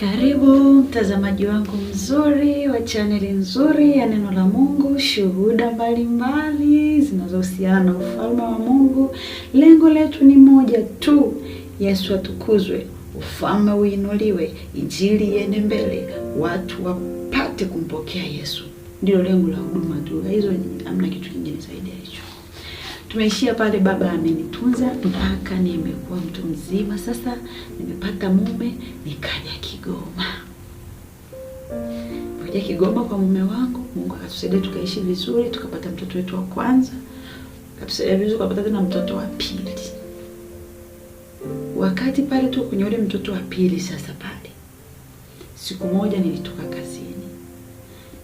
Karibu mtazamaji wangu mzuri wa chaneli nzuri ya neno la Mungu, shuhuda mbalimbali zinazohusiana na ufalme wa Mungu. Lengo letu ni moja tu, Yesu atukuzwe, ufalme uinuliwe, injili iende mbele, watu wapate kumpokea Yesu. Ndilo lengo la huduma tu, hizo hamna kitu kingine zaidi ya tumeishia pale, baba amenitunza mpaka nimekuwa mtu mzima. Sasa nimepata mume, nikaja Kigoma. Nikaja Kigoma kwa mume wangu, Mungu akatusaidia tukaishi vizuri, tukapata mtoto wetu wa kwanza, akatusaidia vizuri, tukapata tena mtoto wa pili. Wakati pale tu kwenye ule mtoto wa pili, sasa pale, siku moja nilitoka kazini,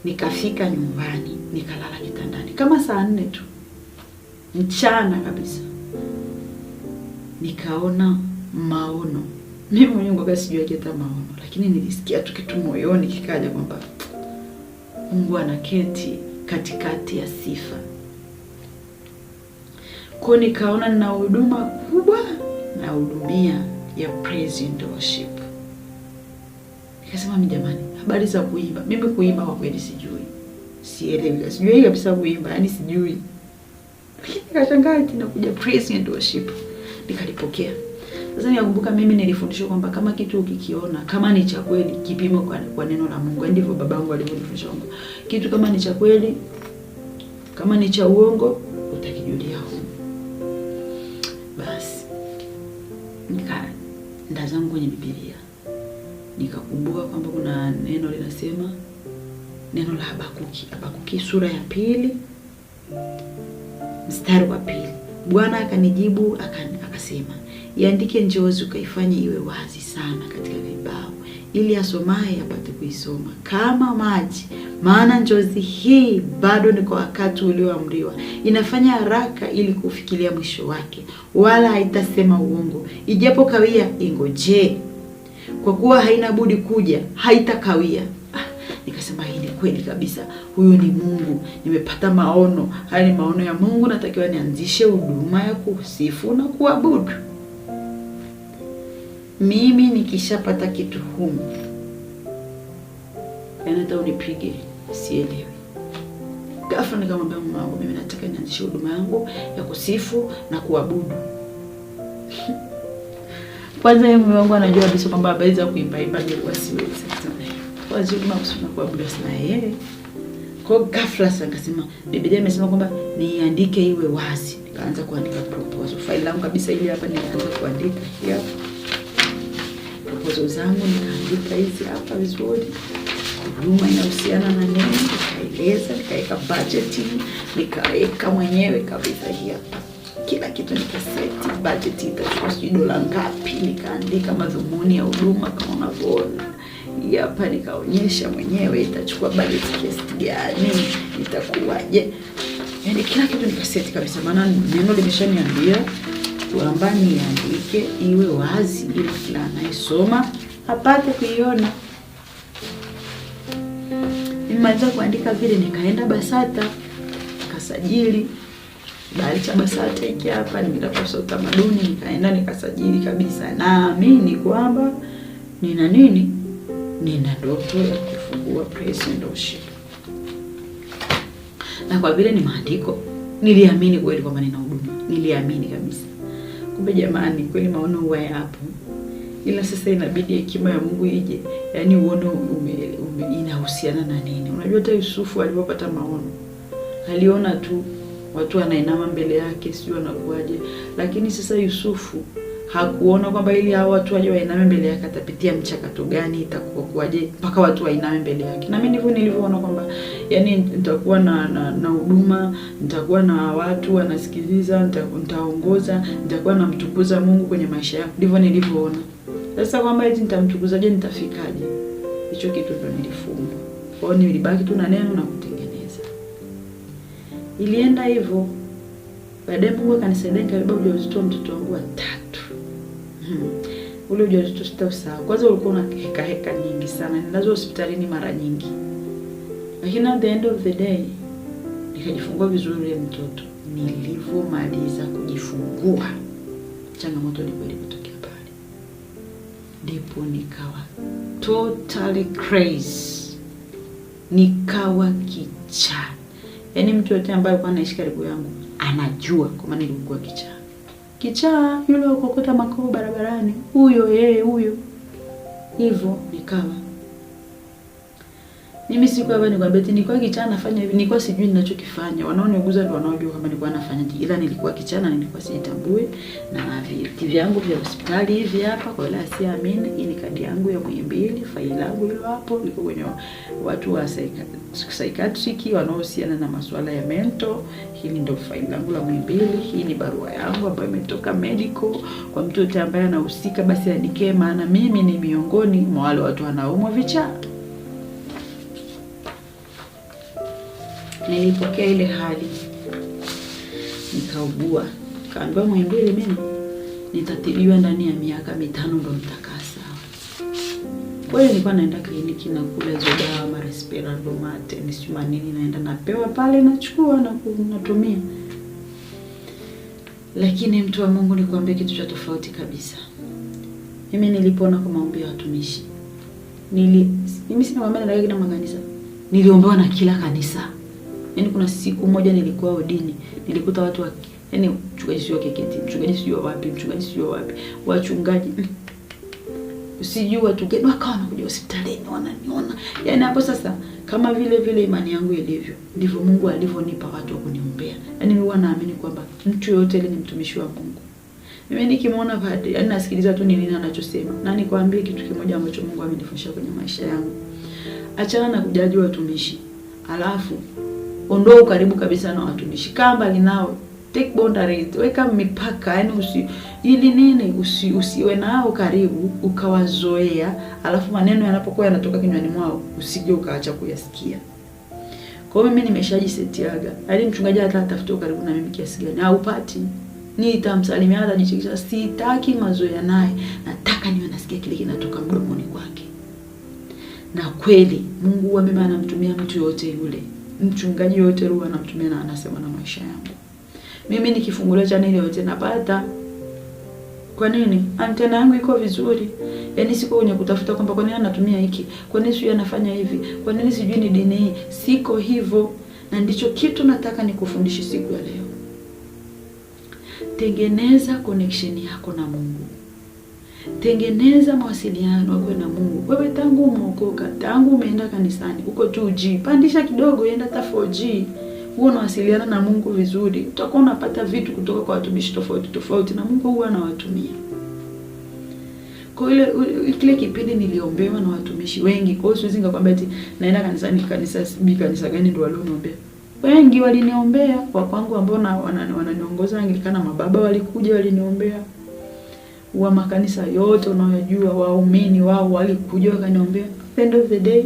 nikafika nyumbani, nikalala kitandani kama saa nne tu mchana kabisa, nikaona maono. Mimi mwenyewe ngoga sijuaje hata maono, lakini nilisikia tu kitu moyoni kikaja kwamba Mungu anaketi katikati ya sifa. Kwa nikaona na huduma kubwa na hudumia ya praise and worship. Nikasema mjamani, habari za kuimba, mimi kuimba kwa kweli sijui, sielewi, sijui kabisa kuimba, yani sijui Nikashangaa kinakuja praise and worship. Nikalipokea. Sasa nikakumbuka mimi nilifundishwa kwamba kama kitu ukikiona kama ni cha kweli kipimo kwa, kwa neno la Mungu. Yaani ndivyo babangu alivyonifundisha kwamba kitu kama ni cha kweli kama ni cha uongo utakijulia huko. Basi nika ndazangu kwenye Biblia. Nikakumbuka kwamba kuna neno linasema neno la Habakuki, Habakuki sura ya pili Mstari wa pili, Bwana akanijibu akasema, iandike njozi ukaifanye iwe wazi sana katika vibao, ili asomaye apate kuisoma kama maji, maana njozi hii bado ni kwa wakati ulioamriwa, inafanya haraka ili kufikilia mwisho wake, wala haitasema uongo. Ijapo kawia, ingojee, kwa kuwa haina budi kuja, haitakawia. Ah, nikasema kweli kabisa, huyu ni Mungu, nimepata maono haya, ni maono ya Mungu, natakiwa nianzishe huduma ya kusifu na kuabudu. Mimi nikishapata kitu humu, yaani hata unipige sielewi. Ghafla nikamwambia mama wangu, mimi nataka nianzishe huduma yangu ya kusifu na kuabudu. Kwanza mume wangu anajua kabisa kwamba habari za kuimba imba nilikuwa siwezi wazima kusema kwa Abbas na yeye. Eh. Kwa ghafla sasa nikasema Biblia imesema kwamba niandike iwe wazi. Nikaanza kuandika proposal. Faili langu kabisa hili hapa nikaanza kuandika hapa. Proposal zangu nikaandika hizi hapa vizuri. Huduma inahusiana na nini? Nikaeleza, nikaweka budget, nikaweka mwenyewe kabisa hapa. Kila kitu nikaseti, budget itachukua dola ngapi, nikaandika madhumuni ya huduma kama unavyoona hapa, nikaonyesha mwenyewe itachukua bajeti kiasi gani, itakuwaje, yani kila kitu nikaseti kabisa, maana neno limeshaniambia kwamba niandike iwe wazi, ili kila anayesoma apate kuiona. Nimaliza kuandika vile, nikaenda BASATA nikasajili kibali cha BASATA hiki hapa, nikakosa utamaduni, nikaenda nikasajili kabisa, naamini kwamba nina nini nina ndoto ya kufungua Praise and Worship, na kwa vile ni maandiko, niliamini kweli kwamba nina huduma, niliamini kabisa. Kumbe jamani, kweli maono huwa yapo, ila sasa inabidi hekima ya Mungu ije, yaani uone inahusiana na nini. Unajua hata Yusufu alipopata maono aliona tu watu wanainama mbele yake, sijui wanakuaje, lakini sasa Yusufu hakuona kwamba ili hao watu waje wainame mbele yake atapitia mchakato gani, itakuwa kuwaje mpaka watu wainame mbele yake. Na mimi ndivyo nilivyoona kwamba yani nitakuwa na na huduma, nitakuwa na watu wanasikiliza, nitaongoza, nitakuwa namtukuza Mungu kwenye maisha yako Ndivyo nilivyoona. Sasa kwamba hizi nitamtukuzaje, nitafikaje? Hicho kitu ndo nilifunga kwao nilibaki tu na neno na kutengeneza. Ilienda hivyo. Baadaye Mungu akanisaidia nikabeba ujauzito wa mtoto wangu wa tatu. Hmm. ule ujauzito sawa. Kwanza ulikuwa una heka heka nyingi sana, nilazwa hospitalini mara nyingi, lakini at the end of the day nikajifungua vizuri ule mtoto. Nilivyomaliza kujifungua, changamoto ndipo ilipotokea pale, ndipo nikawa totally crazy, nikawa kichaa. Yaani mtu yote ambaye alikuwa anaishi karibu yangu anajua kwa maana nilikuwa kichaa kichaa yule wa kuokota makopo barabarani, huyo yeye huyo. Hivyo nikawa mimi siku hapa nikwambia eti nilikuwa kichana nafanya hivi, nilikuwa sijui ninachokifanya. Wanaoniuguza ndio wanaojua kama nilikuwa nafanya hivi. Ila nilikuwa kichana nilikuwa sijitambui na vitu vyangu vya hospitali hivi hapa kwa ila siamini. Hii ni kadi yangu ya Muhimbili, faili langu hilo hapo niko kwenye watu wa psychiatric wanaohusiana na masuala ya mento. Hili ndio faili langu la Muhimbili. Hii ni barua yangu ambayo imetoka medical kwa mtu yote ambaye anahusika basi anikee, maana mimi ni miongoni mwa wale watu wanaoumwa vichaa. Nilipokea ile hali nikaugua, kaambiwa Muhimbili mimi nitatibiwa ndani ya miaka mitano ndo nitakaa sawa. Kwa hiyo nilikuwa naenda kliniki na kula hizo dawa respirator mate ni nisijua manini, naenda napewa pale, nachukua na natumia. Lakini mtu wa Mungu, nikwambia kitu cha tofauti kabisa. Mimi nilipona kwa maombi ya watumishi, nili mimi sina maneno na kila makanisa, niliombewa na kila kanisa Yaani kuna siku moja nilikuwa udini, nilikuta watu wa yaani mchungaji sio keketi, mchungaji sio wapi, mchungaji sio wapi, wachungaji mm, sijui watu gani wakawa wanakuja hospitalini wananiona. Yaani hapo sasa kama vile vile imani yangu ilivyo ndivyo Mungu alivyonipa watu wa kuniombea. Yaani mimi huwa naamini kwamba mtu yoyote ile ni mtumishi wa Mungu. Mimi nikimwona padri, yaani nasikiliza tu nini anachosema. Na nikwambie kitu kimoja ambacho Mungu amenifundisha kwenye maisha yangu. Achana na kujaji watumishi. Alafu ondoa ukaribu kabisa na watumishi. Kaa mbali nao, take boundaries, weka mipaka. Yani usi ili nini, usi, usiwe nao karibu ukawazoea, alafu maneno yanapokuwa yanatoka kinywani mwao usije ukaacha kuyasikia. Kwa hiyo mimi nimeshajisetiaga, hadi yaani mchungaji hata atafute ukaribu na mimi kiasi gani haupati nitamsalimia hata jichekesha, sitaki mazoea naye, nataka niwe nasikia kile kinatoka mdomoni kwake. Na kweli Mungu wa mema anamtumia mtu yote yule mchungaji yote Roho anamtumia na anasema na maisha yangu. Mimi nikifungulia chaneli yote napata. Kwa nini? Antena yangu iko vizuri. Yaani siko kwenye kutafuta kwamba kwa nini anatumia hiki? Kwa nini sijui anafanya hivi? Kwa nini sijui ni dini hii? Siko hivyo. Na ndicho kitu nataka nikufundishe siku ya leo. Tengeneza connection yako na Mungu. Tengeneza mawasiliano yako na Mungu. Wewe tangu umeokoka, tangu umeenda kanisani, uko 2G, pandisha kidogo, enda hata 4G. Huwa unawasiliana na Mungu vizuri, utakuwa unapata vitu kutoka kwa watumishi tofauti tofauti, na Mungu huwa anawatumia. Kwa ile kile kipindi niliombewa na watumishi wengi, kwa hiyo siwezi nikakwambia ati naenda kanisani, kanisa sibi kanisa gani ndio walioniombea. Wengi waliniombea kwa kwangu ambao wananiongoza Anglikana, mababa walikuja waliniombea wa makanisa yote unayojua, waumini wao walikujua, wakaniambia the day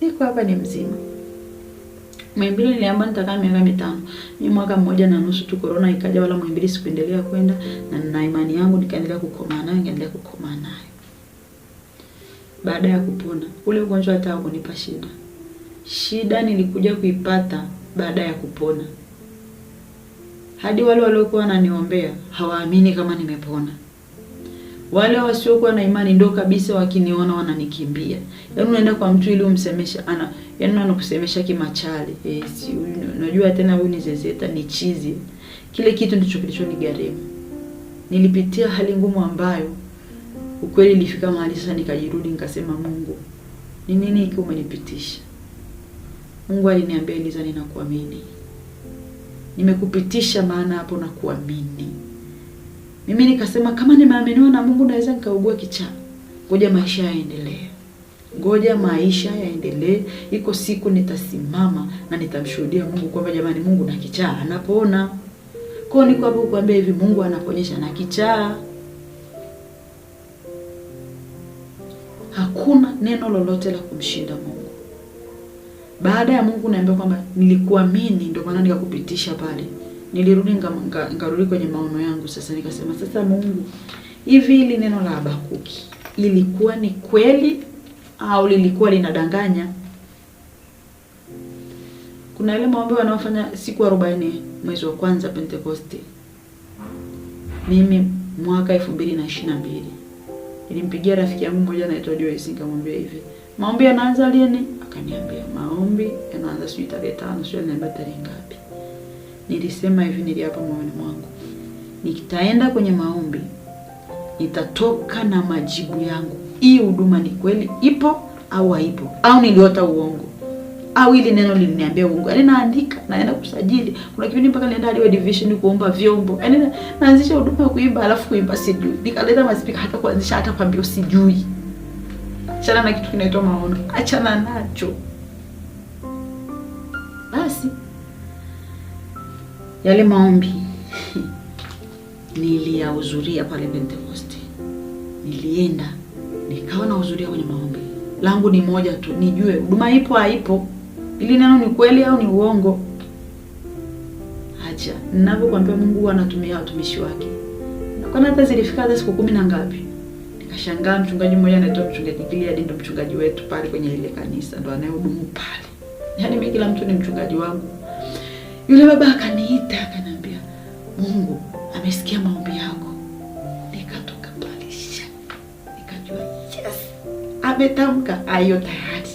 niko hapa ni mzima. Mwimbili niliamba nitakaa miaka mitano. Ni mwaka mmoja na nusu tu korona ikaja, wala mwimbili sikuendelea kwenda, na nina imani yangu nikaendelea kukomaa nayo, nikaendelea kukomaa nayo. Baada ya kupona ule ugonjwa hata hakunipa shida, shida nilikuja kuipata baada ya kupona. Hadi wale waliokuwa wananiombea hawaamini kama nimepona. Wale wasiokuwa na imani ndio kabisa wakiniona wananikimbia. Yaani unaenda kwa mtu ili umsemeshe ana yaani anakusemesha kimachale. Eh, si unajua tena huyu ni zezeta ni chizi. Kile kitu ndicho kilichonigharimu. Nilipitia hali ngumu ambayo ukweli ilifika mahali sasa nikajirudi nikasema Mungu, ni nini hiki umenipitisha? Mungu aliniambia Eliza, ninakuamini. Nimekupitisha maana hapo nakuamini. Mimi nikasema kama nimeaminiwa na Mungu naweza nikaugua kichaa, ngoja maisha yaendelee, ngoja maisha yaendelee. Iko siku nitasimama na nitamshuhudia Mungu kwamba jamani, Mungu na kichaa anapona. Kwa niko hapo kuambia hivi, Mungu anaponyesha na kichaa. Hakuna neno lolote la kumshinda Mungu. Baada ya Mungu naambia kwamba nilikuamini, ndio maana nikakupitisha pale nilirudi nkarudi kwenye maono yangu sasa, nikasema sasa, Mungu, hivi hili neno la Habakuki lilikuwa ni kweli au lilikuwa linadanganya? Kuna ile maombi wanaofanya siku arobaini mwezi wa kwanza Pentekoste. Mimi mwaka elfu mbili na ishirini na mbili nilimpigia rafiki yangu mmoja anaitwa Joyce nikamwambia hivi, maombi yanaanza lini? Akaniambia maombi yanaanza sijui tarehe tano, sijui aliniambia tarehe ngapi nilisema hivi, niliapa moyoni mwangu, nitaenda kwenye maombi, nitatoka na majibu yangu. Hii huduma ni kweli ipo au haipo, au niliota uongo, au ili neno liliniambia uongo. Yaani naandika, naenda kusajili. Kuna kipindi mpaka nienda hadi division kuomba vyombo, yaani naanzisha huduma kuimba, alafu kuimba sijui, nikaleta maspika, hata kuanzisha, hata kwambia sijui. Achana na kitu kinaitwa maono, achana nacho. Yale maombi niliyahudhuria pale Pentecost, nilienda nikawa nahudhuria kwenye maombi. Langu ni moja tu, nijue huduma ipo haipo, ili neno ni kweli au ni uongo. Acha ninavyokwambia, Mungu anatumia watumishi wake. Kwani hata zilifika hata siku kumi na ngapi, nikashangaa mchungaji mmoja anaitwa mchungaji Gilead, ndo mchungaji wetu pale kwenye ile kanisa, ndo anayehudumu pale. Yaani mimi kila mtu ni mchungaji wangu. Yule baba akaniita akaniambia, Mungu amesikia maombi yako. Nikatoka palisha, nikajua yes, ametamka ayo tayari.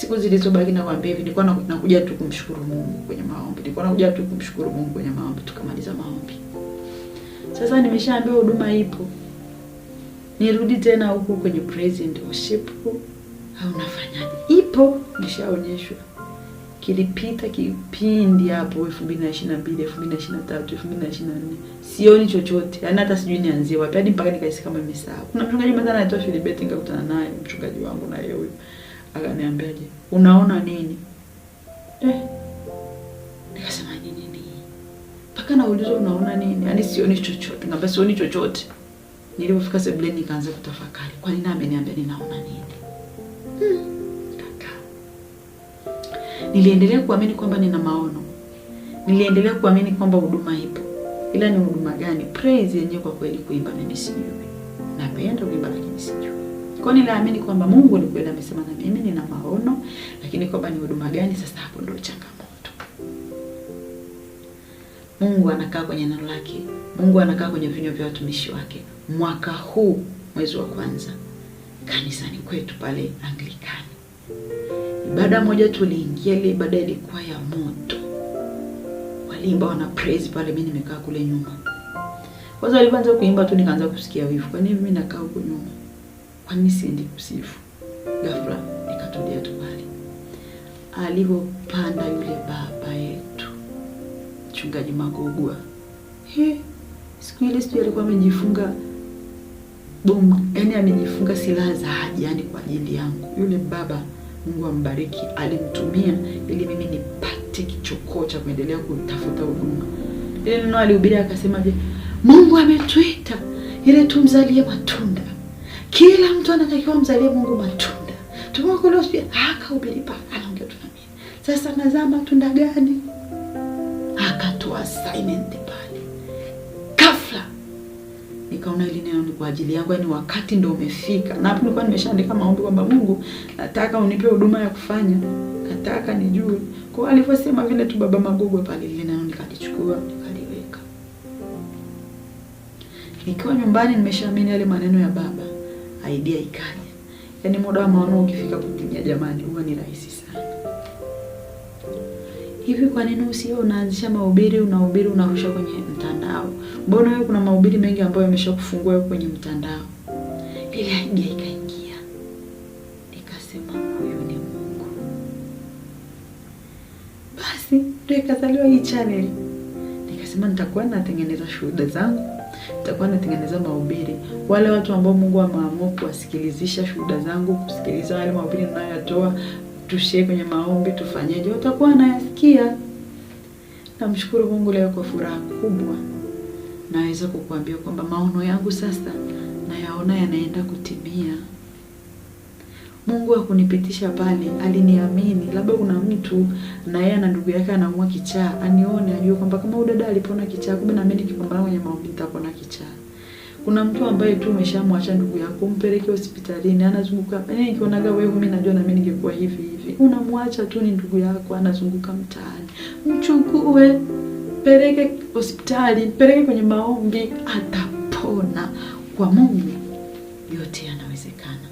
Siku zilizobaki nakwambia hivi, nilikuwa nakuja tu kumshukuru Mungu kwenye maombi, nilikuwa nakuja tu kumshukuru Mungu kwenye maombi. Tukamaliza maombi, sasa nimeshaambiwa huduma ipo, nirudi tena huku kwenye praise and worship au nafanyaje? Ipo, nishaonyeshwa kilipita kipindi hapo 2022, 2023, 2024. Sioni chochote. Yaani hata sijui nianzie wapi. Hadi yaani mpaka nikahisi kama nimesahau. Kuna mchungaji mmoja anaitwa Philip Betting nikakutana naye, mchungaji wangu na yeye huyo. Akaniambiaje? Unaona nini? Eh. Nikasema nini nini? Mpaka naulizwa unaona nini? Yaani sioni chochote. Ngamba sioni chochote. Nilipofika sebuleni nikaanza kutafakari. Kwa nini ameniambia ninaona nini? Hmm. Niliendelea kuamini kwamba nina maono, niliendelea kuamini kwamba huduma ipo, ila ni huduma gani? Praise yenyewe kwa kweli kuimba mimi sijui, napenda kuimba lakini sijui. Kwa ninaamini kwamba Mungu ni kweli amesema na mimi nina maono, lakini kwamba ni huduma gani? Sasa hapo ndio changamoto. Mungu anakaa kwenye neno lake, Mungu anakaa kwenye vinywa vya watumishi wake. Mwaka huu mwezi wa kwanza kanisani kwetu pale Anglikani Ibada moja tuliingia, ile ibada ilikuwa ya moto, waliimba wana praise pale, mimi nimekaa kule nyuma. Kwanza walianza kuimba tu, nikaanza kusikia wivu, kwani mimi nakaa huko nyuma, kwa kwani siendi kusifu? Ghafla nikatulia tu pale, alipopanda yule baba yetu mchungaji Magogwa, he, siku ile sijui alikuwa amejifunga bomu, yani amejifunga silaha za haji, yani kwa ajili yangu yule baba Mungu ambariki, alimtumia ili mimi nipate kichokoo cha kuendelea kutafuta huduma. Ile neno alihubiri akasemaje? Mungu ametuita ili tumzalie matunda. Kila mtu anatakiwa mzalie Mungu matunda. Tumeokolewa sio akahubiri pa anaongea tu Sasa nazaa matunda gani? Akatoa assignment Bwana, hili neno ni kwa ajili yangu, yaani wakati ndio umefika. Na hapo nilikuwa nimeshaandika maombi kwamba Mungu, nataka unipe huduma ya kufanya, nataka nijue. Kwa hiyo alivyosema vile tu baba magogo pale, lile neno nikalichukua nikaliweka. Nikiwa nyumbani nimeshaamini yale maneno ya baba, idea ikaja. Yaani muda wa maono ukifika kutimia, jamani, huwa ni rahisi sana hivi kwa nini usio unaanzisha mahubiri unahubiri unarusha kwenye mtandao? Mbona wewe kuna mahubiri mengi ambayo yamesha kufungua kwenye mtandao? Ile idea ikaingia, nikasema huyu ni Mungu. Basi ndio ikazaliwa hii channel, nikasema nitakuwa natengeneza shuhuda zangu, nitakuwa natengeneza mahubiri. Wale watu ambao Mungu ameamua kuwasikilizisha shuhuda zangu, kusikiliza wale mahubiri ninayoyatoa tushie kwenye maombi, tufanyeje, utakuwa anayasikia. Namshukuru Mungu leo kwa furaha kubwa naweza kukuambia kwamba maono yangu sasa nayaona yanaenda kutimia. Mungu hakunipitisha pale, aliniamini. Labda kuna mtu na yeye na ndugu yake anaumwa kichaa, anione ajue kwamba kama huyu dada alipona kichaa, kumbe na mimi nikipambana kwenye maombi nitapona kichaa. Kuna mtu ambaye tu umeshamwacha ndugu yako, umpeleke hospitalini, anazunguka. Yaani nikionaga wewe, mimi najua na mimi hivi hivi, unamwacha tu, ni ndugu yako anazunguka mtaani, mchukue, peleke hospitali, peleke kwenye maombi, atapona. Kwa Mungu yote yanawezekana.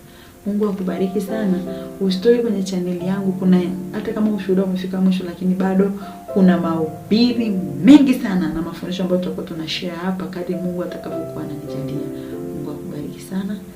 Mungu akubariki sana. Ustori kwenye chaneli yangu kuna, hata kama ushuhuda umefika mwisho, lakini bado kuna mahubiri mengi sana na mafundisho ambayo tutakuwa tunashare hapa kadri Mungu atakavyokuwa ananijalia. Mungu akubariki sana.